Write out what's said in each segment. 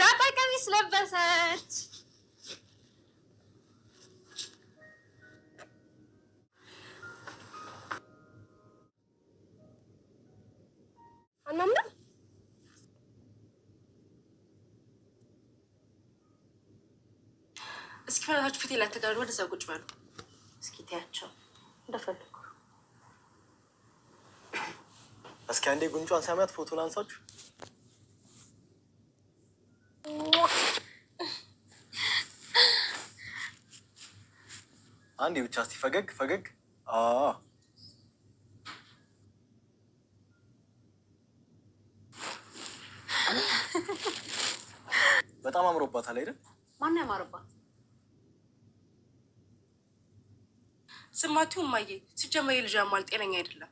ዳጣ ቀሚስ ለበሰች። አናምንም እስኪ ፈራችሁ ፊት ላተጋሩ ወደዛ ቁጭ በሉ እስኪ ትያቸው እንደፈለጉ እስኪ አንዴ ጉንጯን ሳሚያት ፎቶ ላንሳችሁ አንድ ብቻ እስቲ ፈገግ ፈገግ። በጣም አምሮባታል አይደል? ማነው ያማረባት? ስማችሁ ማየ ስጀመ የልጃ ማል ጤነኛ አይደለም።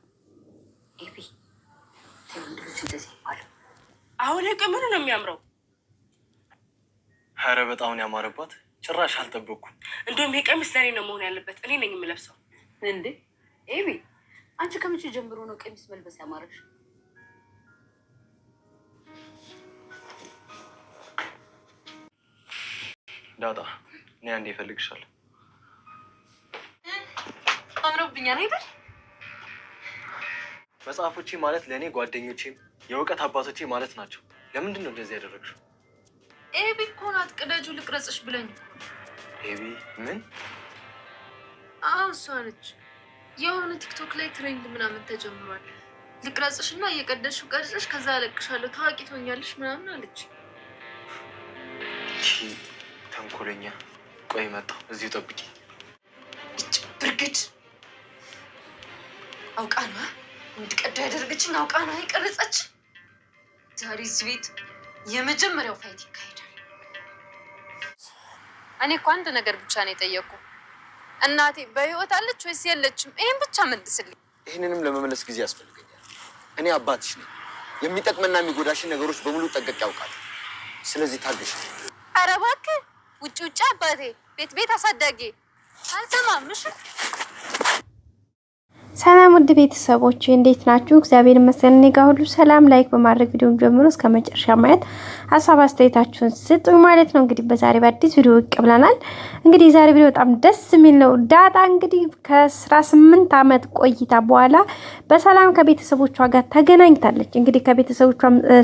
አሁን ህቅ ምኑ ነው የሚያምረው? ኧረ በጣም ነው ያማረባት። ጭራሽ አልጠበኩም። እንዲሁም ይሄ ቀሚስ ለእኔ ነው መሆን ያለበት፣ እኔ ነኝ የምለብሰው። እንዴ ኤቢ፣ አንቺ ከመቼ ጀምሮ ነው ቀሚስ መልበስ ያማረሽ? ዳጣ፣ እኔ አንዴ ይፈልግሻል። አምሮብኛል አይደል? መጽሐፎቼ ማለት ለእኔ ጓደኞቼም የእውቀት አባቶቼ ማለት ናቸው። ለምንድን ነው እንደዚህ ያደረግሽው? ኤቢ እኮ ናት ቅደጁ ልቅረጽሽ ብለኝ ሄቢ ምን? አዎ እሷ ነች። የሆነ ቲክቶክ ላይ ትሬንድ ምናምን ተጀምሯል። ልቅረጽሽ እና እየቀደሽው ቀርጽሽ ከዛ አለቅሻለሁ ታዋቂ ትሆኛለሽ ምናምን አለች። እሺ ተንኮለኛ። ቆይ መጣሁ፣ እዚሁ ጠብቂ። እጭ ብርግድ አውቃ ነዋ እንድቀዳ ያደረገችን አውቃ ነዋ የቀረጸች። ዛሬ እዚህ ቤት የመጀመሪያው ፋይት ይካሄዳል። እኔ እኮ አንድ ነገር ብቻ ነው የጠየቁ። እናቴ በህይወት አለች ወይስ የለችም? ይህን ብቻ መልስልኝ። ይህንንም ለመመለስ ጊዜ ያስፈልገኛል። እኔ አባትሽ ነኝ። የሚጠቅምና የሚጎዳሽን ነገሮች በሙሉ ጠንቅቄ ያውቃል። ስለዚህ ታገሽ። ኧረ እባክህ ውጭ ውጭ፣ አባቴ ቤት ቤት አሳዳጌ አልሰማም። እሺ ሰላም ውድ ቤተሰቦች እንዴት ናችሁ? እግዚአብሔር ይመስገን እኔ ጋር ሁሉ ሰላም። ላይክ በማድረግ ቪዲዮን ጀምሮ እስከ መጨረሻ ማየት ሀሳብ አስተያየታችሁን ስጡ ማለት ነው። እንግዲህ በዛሬ በአዲስ ቪዲዮ ብቅ ብለናል። እንግዲህ የዛሬ ቪዲዮ በጣም ደስ የሚል ነው። ዳጣ እንግዲህ ከአስራ ስምንት ዓመት ቆይታ በኋላ በሰላም ከቤተሰቦቿ ጋር ተገናኝታለች። እንግዲህ ከቤተሰቦቿ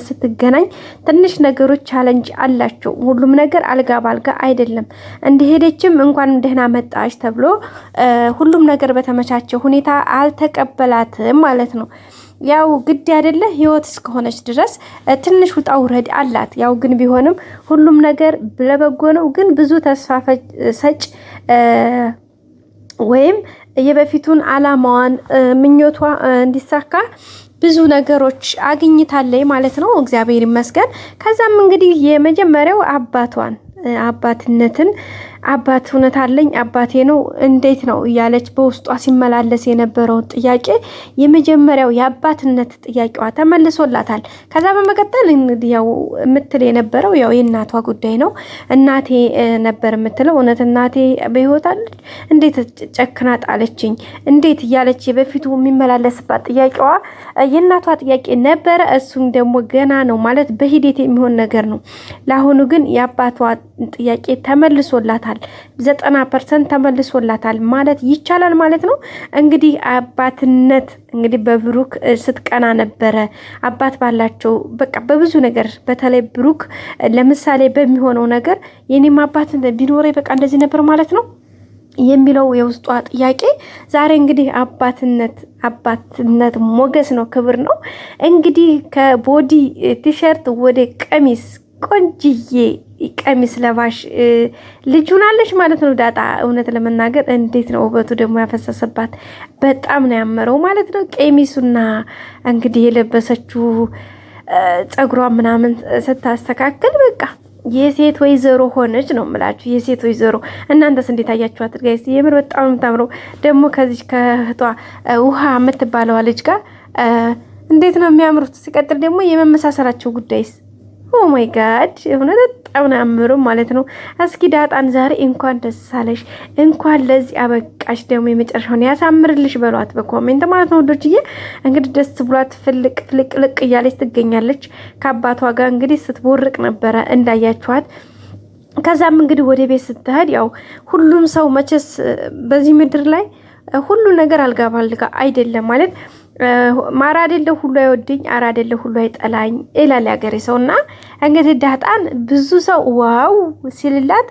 ስትገናኝ ትንሽ ነገሮች ቻለንጅ አላቸው። ሁሉም ነገር አልጋ ባልጋ አይደለም። እንደሄደችም እንኳን ደህና መጣች ተብሎ ሁሉም ነገር በተመቻቸው ሁኔታ አልተቀበላትም ማለት ነው። ያው ግድ አይደለ ህይወት እስከሆነች ድረስ ትንሽ ውጣ ውረድ አላት። ያው ግን ቢሆንም ሁሉም ነገር ለበጎ ነው። ግን ብዙ ተስፋ ሰጭ ወይም የበፊቱን አላማዋን ምኞቷ እንዲሳካ ብዙ ነገሮች አግኝታለይ ማለት ነው። እግዚአብሔር ይመስገን። ከዛም እንግዲህ የመጀመሪያው አባቷን አባትነትን አባት እውነት አለኝ አባቴ ነው እንዴት ነው እያለች በውስጧ ሲመላለስ የነበረውን ጥያቄ የመጀመሪያው የአባትነት ጥያቄዋ ተመልሶላታል። ከዛ በመቀጠል እንግዲህ ያው የምትል የነበረው ያው የእናቷ ጉዳይ ነው። እናቴ ነበር የምትለው እውነት እናቴ በሕይወት አለች እንዴት ጨክና ጣለችኝ እንዴት እያለች በፊቱ የሚመላለስባት ጥያቄዋ የእናቷ ጥያቄ ነበረ። እሱም ደግሞ ገና ነው ማለት በሂደት የሚሆን ነገር ነው። ለአሁኑ ግን የአባቷ ጥያቄ ተመልሶላታል። ተመልሶላታል። ዘጠና ፐርሰንት ተመልሶላታል ማለት ይቻላል ማለት ነው። እንግዲህ አባትነት እንግዲህ በብሩክ ስትቀና ነበረ። አባት ባላቸው በቃ በብዙ ነገር በተለይ ብሩክ ለምሳሌ በሚሆነው ነገር የኔም አባት ቢኖረ በቃ እንደዚህ ነበር ማለት ነው የሚለው የውስጧ ጥያቄ ዛሬ እንግዲህ አባትነት አባትነት ሞገስ ነው፣ ክብር ነው። እንግዲህ ከቦዲ ቲሸርት ወደ ቀሚስ ቆንጅዬ ቀሚስ ለባሽ ልጅ ሆናለች ማለት ነው። ዳጣ እውነት ለመናገር እንዴት ነው ውበቱ ደግሞ ያፈሰሰባት! በጣም ነው ያመረው ማለት ነው። ቀሚሱና እንግዲህ የለበሰችው ጸጉሯ ምናምን ስታስተካክል በቃ የሴት ወይዘሮ ሆነች ነው የምላችሁ። የሴት ወይዘሮ እናንተስ እንዴት አያችኋት? ጋይስ የምር በጣም የምታምረው። ደግሞ ከዚች ከእህቷ ውሃ የምትባለዋ ልጅ ጋር እንዴት ነው የሚያምሩት! ሲቀጥል ደግሞ የመመሳሰላቸው ጉዳይስ ኦማይ ጋድ የሆነ በጣም አምሮ ማለት ነው። እስኪ ዳጣን ዛሬ እንኳን ደስ አለሽ፣ እንኳን ለዚህ አበቃሽ፣ ደግሞ የመጨረሻውን ያሳምርልሽ በሏት በኮሜንት ማለት ነው። ወዶችዬ እንግዲህ ደስ ብሏት ፍልቅ ፍልቅ ልቅ እያለች ትገኛለች። ከአባቷ ጋር እንግዲህ ስትቦርቅ ነበረ እንዳያችኋት። ከዛም እንግዲህ ወደ ቤት ስትሄድ ያው ሁሉም ሰው መቼስ በዚህ ምድር ላይ ሁሉ ነገር አልጋ ባልጋ አይደለም ማለት ማር አይደለ ሁሉ አይወድኝ፣ አራ አይደለ ሁሉ አይጠላኝ ይላል ያገሬ ሰው። እና እንግዲህ ዳጣን ብዙ ሰው ዋው ሲልላት፣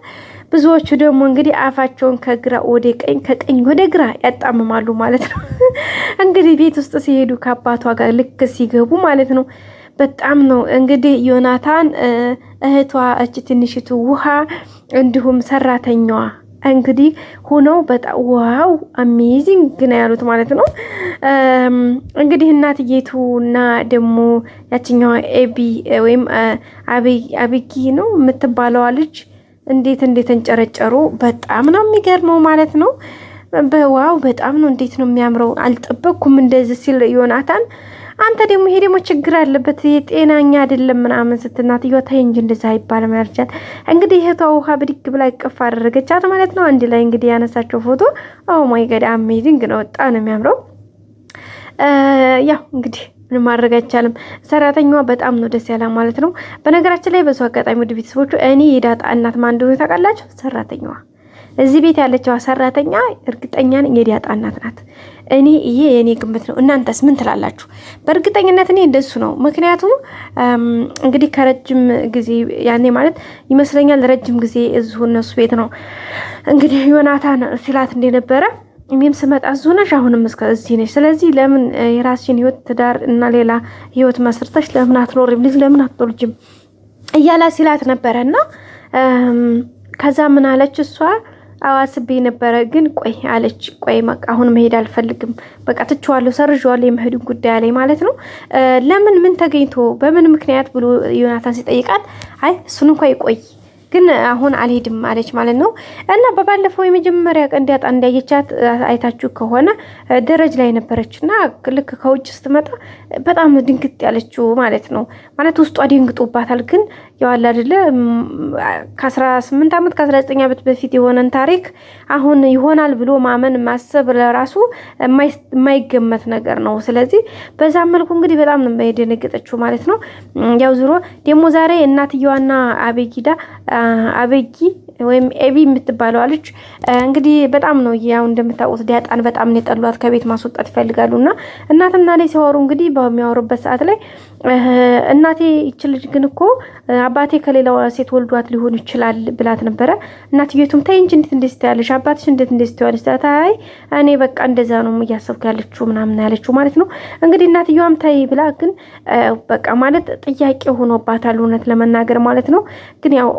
ብዙዎቹ ደግሞ እንግዲህ አፋቸውን ከግራ ወደ ቀኝ፣ ከቀኝ ወደ ግራ ያጣምማሉ ማለት ነው። እንግዲህ ቤት ውስጥ ሲሄዱ ከአባቷ ጋር ልክ ሲገቡ ማለት ነው። በጣም ነው እንግዲህ ዮናታን እህቷ እች ትንሽቱ ውሃ እንዲሁም ሰራተኛዋ እንግዲህ ሆነው በጣም ዋው አሜዚንግ ነው ያሉት ማለት ነው። እንግዲህ እናትዬቱ እና ደግሞ ያችኛዋ ኤቢ ወይም አብጊ ነው የምትባለዋ ልጅ እንዴት እንደተንጨረጨሩ በጣም ነው የሚገርመው ማለት ነው። በዋው በጣም ነው እንዴት ነው የሚያምረው። አልጠበቅኩም እንደዚህ ሲል ዮናታን አንተ ደግሞ ይሄ ደግሞ ችግር አለበት የጤናኛ አይደለም ምናምን ስትናትዮ ተይ እንጂ እንደዛ አይባልም ያለቻት። እንግዲህ እህቷ ውሃ ብድግ ብላ ይቅፍ አደረገቻት ማለት ነው። አንድ ላይ እንግዲህ ያነሳቸው ፎቶ ኦ ማይ ጋድ አሜዚንግ ነው። ወጣ ነው የሚያምረው። ያው እንግዲህ ምን ማድረግ አይቻልም። ሰራተኛዋ በጣም ነው ደስ ያላ ማለት ነው። በነገራችን ላይ በሱ አጋጣሚ ውድ ቤተሰቦቹ እኔ የዳጣ እናት ማን እንደሆነ ታውቃላችሁ? ሰራተኛዋ እዚህ ቤት ያለችዋ ሰራተኛ እርግጠኛን የዲያጣ እናት ናት። እኔ ይሄ የኔ ግምት ነው። እናንተስ ምን ትላላችሁ? በእርግጠኝነት እኔ እንደሱ ነው። ምክንያቱም እንግዲህ ከረጅም ጊዜ ያኔ ማለት ይመስለኛል ረጅም ጊዜ እዚሁ እነሱ ቤት ነው እንግዲህ ዮናታን ሲላት እንደነበረ እኔም ስመጣ እዚሁ ነሽ፣ አሁንም እዚህ ነሽ። ስለዚህ ለምን የራስሽን ህይወት ትዳር እና ሌላ ህይወት መስርተሽ ለምን አትኖሪም? ልጅ ለምን አትወልጂም? እያላ ሲላት ነበረ እና ከዛ ምን አለች እሷ አስቤ ነበረ ግን ቆይ አለች። ቆይ አሁን መሄድ አልፈልግም፣ በቃ ትችዋለሁ፣ ሰርዤዋለሁ የመሄዱን ጉዳይ አለኝ ማለት ነው። ለምን ምን ተገኝቶ በምን ምክንያት ብሎ ዮናታን ሲጠይቃት አይ እሱን እንኳ ይቆይ ግን አሁን አልሄድም አለች ማለት ነው። እና በባለፈው የመጀመሪያ ቀን ዳጣ እንዳየቻት አይታችሁ ከሆነ ደረጅ ላይ ነበረች እና ልክ ከውጭ ስትመጣ በጣም ድንግጥ ያለችው ማለት ነው። ማለት ውስጧ ደንግጦባታል። ግን የዋላ አደለ ከአስራ ስምንት ዓመት ከአስራ ዘጠኝ ዓመት በፊት የሆነን ታሪክ አሁን ይሆናል ብሎ ማመን ማሰብ ለራሱ የማይገመት ነገር ነው። ስለዚህ በዛ መልኩ እንግዲህ በጣም ነው የደነገጠችው ማለት ነው። ያው ዝሮ ደግሞ ዛሬ እናትየዋና አቤጊዳ avec qui ወይም ኤቢ የምትባለው አለች። እንግዲህ በጣም ነው ያው እንደምታውቁት ዲያጣን በጣም ነው የጠሏት። ከቤት ማስወጣት ይፈልጋሉ እና እናትና ላይ ሲያወሩ እንግዲህ በሚያወሩበት ሰዓት ላይ እናቴ ይች ልጅ ግን እኮ አባቴ ከሌላው ሴት ወልዷት ሊሆን ይችላል ብላት ነበረ። እናትየቱም ታይ እንጂ እንዴት እንደዚህ ትያለሽ? አባትሽ እንዴት እንደዚህ ትያለሽ? ታይ እኔ በቃ እንደዛ ነው እያሰብኩ ያለችው ምናምን ያለችው ማለት ነው። እንግዲህ እናትየዋም ታይ ብላ ግን በቃ ማለት ጥያቄ ሆኖባታል እውነት ለመናገር ማለት ነው። ግን ያው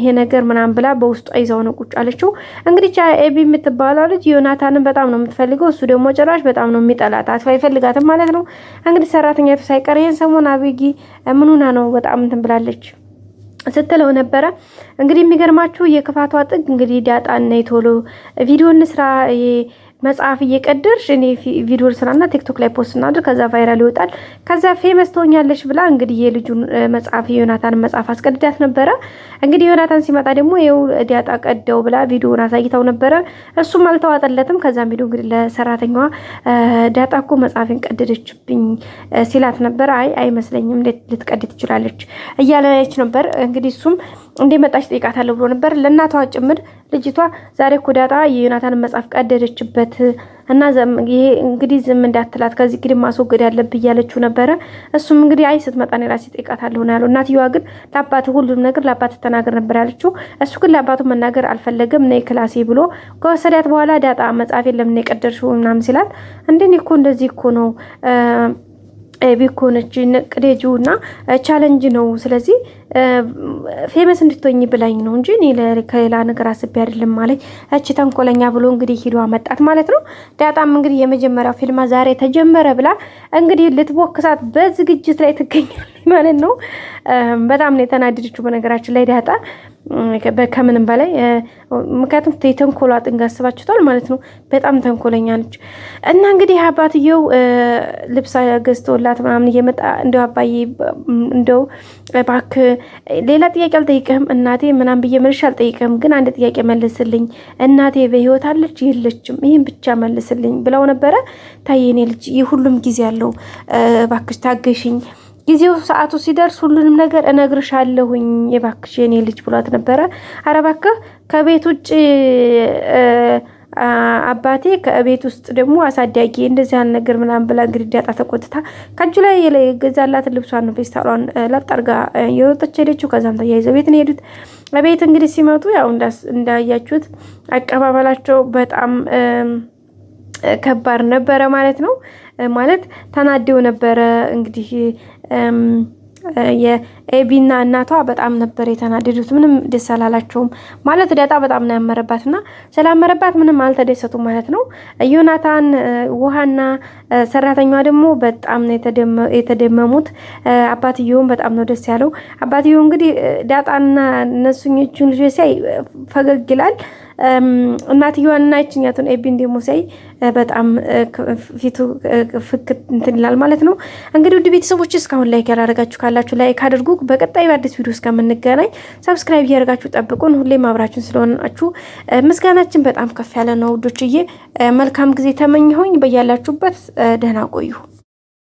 ይሄ ነገር ምናምን ብላ በውስጧ ይዛው ነው ቁጭ አለችው። እንግዲህ ኤቢ የምትባላ ልጅ ዮናታንን በጣም ነው የምትፈልገው። እሱ ደግሞ ጭራሽ በጣም ነው የሚጠላት፣ አይፈልጋትም ማለት ነው። እንግዲህ ሰራተኛቱ ሳይቀር ይህን ሰሞን አቤጊ ምኑና ነው በጣም እንትን ብላለች ስትለው ነበረ። እንግዲህ የሚገርማችሁ የክፋቷ ጥግ እንግዲህ ዳጣና የቶሎ ቪዲዮ እንስራ መጽሐፍ እየቀደርሽ እኔ ቪዲዮ ስራና ቲክቶክ ላይ ፖስት እናድር፣ ከዛ ቫይራል ይወጣል፣ ከዛ ፌመስ ትሆኛለሽ ብላ እንግዲህ የልጁን መጽሐፍ የዮናታን መጽሐፍ አስቀድዳት ነበረ። እንግዲህ ዮናታን ሲመጣ ደግሞ ይኸው ዲያጣ ቀደው ብላ ቪዲዮን አሳይተው ነበረ። እሱም አልተዋጠለትም። ከዛም ቪዲዮ እንግዲህ ለሰራተኛዋ ዳጣ እኮ መጽሐፌን ቀደደችብኝ ሲላት ነበረ። አይ አይመስለኝም፣ ልትቀድድ ትችላለች እያለች ነበር እንግዲህ እሱም እንዴ መጣች ጠይቃታለሁ ብሎ ነበር። ለእናቷ ጭምር ልጅቷ ዛሬ እኮ ዳጣ የዮናታንን መጽሐፍ ቀደደችበት እና ይሄ እንግዲህ ዝም እንዳትላት ከዚህ ግድም ማስወገድ ያለብህ እያለችው ነበረ። እሱም እንግዲህ አይ ስትመጣ እኔ ራሴ ጠይቃታለሁ ነው ያለው። እናትየዋ ግን ለአባት ሁሉም ነገር ለአባት ተናገር ነበር ያለችው። እሱ ግን ለአባቱ መናገር አልፈለገም። ነይ ክላሴ ብሎ ከወሰዳት በኋላ ዳጣ መጽሐፍ የለም ነው የቀደርሽው ምናምን ሲላት እንዴ እኔ እኮ እንደዚህ እኮ ነው ቤኮ ነች ቅዴጁ እና ቻለንጅ ነው። ስለዚህ ፌመስ እንድትሆኝ ብላኝ ነው እንጂ እኔ ከሌላ ነገር አስቤ አይደለም ማለት እቺ ተንኮለኛ ብሎ እንግዲህ ሂዶ መጣት ማለት ነው። ዳጣም እንግዲህ የመጀመሪያው ፊልማ ዛሬ ተጀመረ ብላ እንግዲህ ልትቦክሳት በዝግጅት ላይ ትገኛል። ማለት ነው። በጣም ነው የተናደደችው። በነገራችን ላይ ዳጣ ከምንም በላይ ምክንያቱም የተንኮሏ ጥግ አስባችሁታል ማለት ነው። በጣም ተንኮለኛ ነች። እና እንግዲህ አባትየው ልብስ ገዝቶላት ምናምን እየመጣ እንደው አባዬ እንደው እባክህ ሌላ ጥያቄ አልጠይቅህም እናቴ ምናምን ብዬ መልሼ አልጠይቅህም፣ ግን አንድ ጥያቄ መልስልኝ እናቴ በህይወት አለች የለችም? ይህን ብቻ መልስልኝ ብለው ነበረ። ታየኔ ልጅ ይህ ሁሉም ጊዜ አለው እባክሽ ታገሽኝ ጊዜው ሰዓቱ ሲደርስ ሁሉንም ነገር እነግርሻለሁኝ የባክሽ የኔ ልጅ ብሏት ነበረ። አረ እባክህ ከቤት ውጭ አባቴ ከቤት ውስጥ ደግሞ አሳዳጊ እንደዚህ ያን ነገር ምናምን ብላ እንግዲህ ዳጣ ተቆጥታ ከእጁ ላይ የገዛላትን ልብሷን ነው ፌስታሏን ላጣርጋ የወጠች ሄደችው። ከዛም ተያይዘው ቤት ነው የሄዱት። ቤት እንግዲህ ሲመጡ ያው እንዳያችሁት አቀባበላቸው በጣም ከባድ ነበረ ማለት ነው። ማለት ተናደው ነበረ እንግዲህ የኤቢና እናቷ በጣም ነበር የተናደዱት። ምንም ደስ አላላቸውም ማለት ዳጣ በጣም ነው ያመረባት እና ስላመረባት ምንም አልተደሰቱም ማለት ነው። ዮናታን ውሃና ሰራተኛዋ ደግሞ በጣም ነው የተደመሙት። አባትየውም በጣም ነው ደስ ያለው። አባትየው እንግዲህ ዳጣና እነሱኞቹን ልጆች ሲያይ ፈገግ ይላል። እናትየዋንና ይችኛቱን ኤቢን ደግሞ ሲያይ በጣም ፊቱ ፍክት እንትን ይላል ማለት ነው። እንግዲህ ውድ ቤተሰቦች እስካሁን ላይክ ያላደረጋችሁ ካላችሁ ላይክ አድርጉ። በቀጣይ በአዲስ ቪዲዮ እስከምንገናኝ ሰብስክራይብ እያደረጋችሁ ጠብቁን። ሁሌም አብራችሁን ስለሆናችሁ ምስጋናችን በጣም ከፍ ያለ ነው ውዶችዬ። መልካም ጊዜ ተመኘሁኝ። በያላችሁበት ደህና ቆዩ።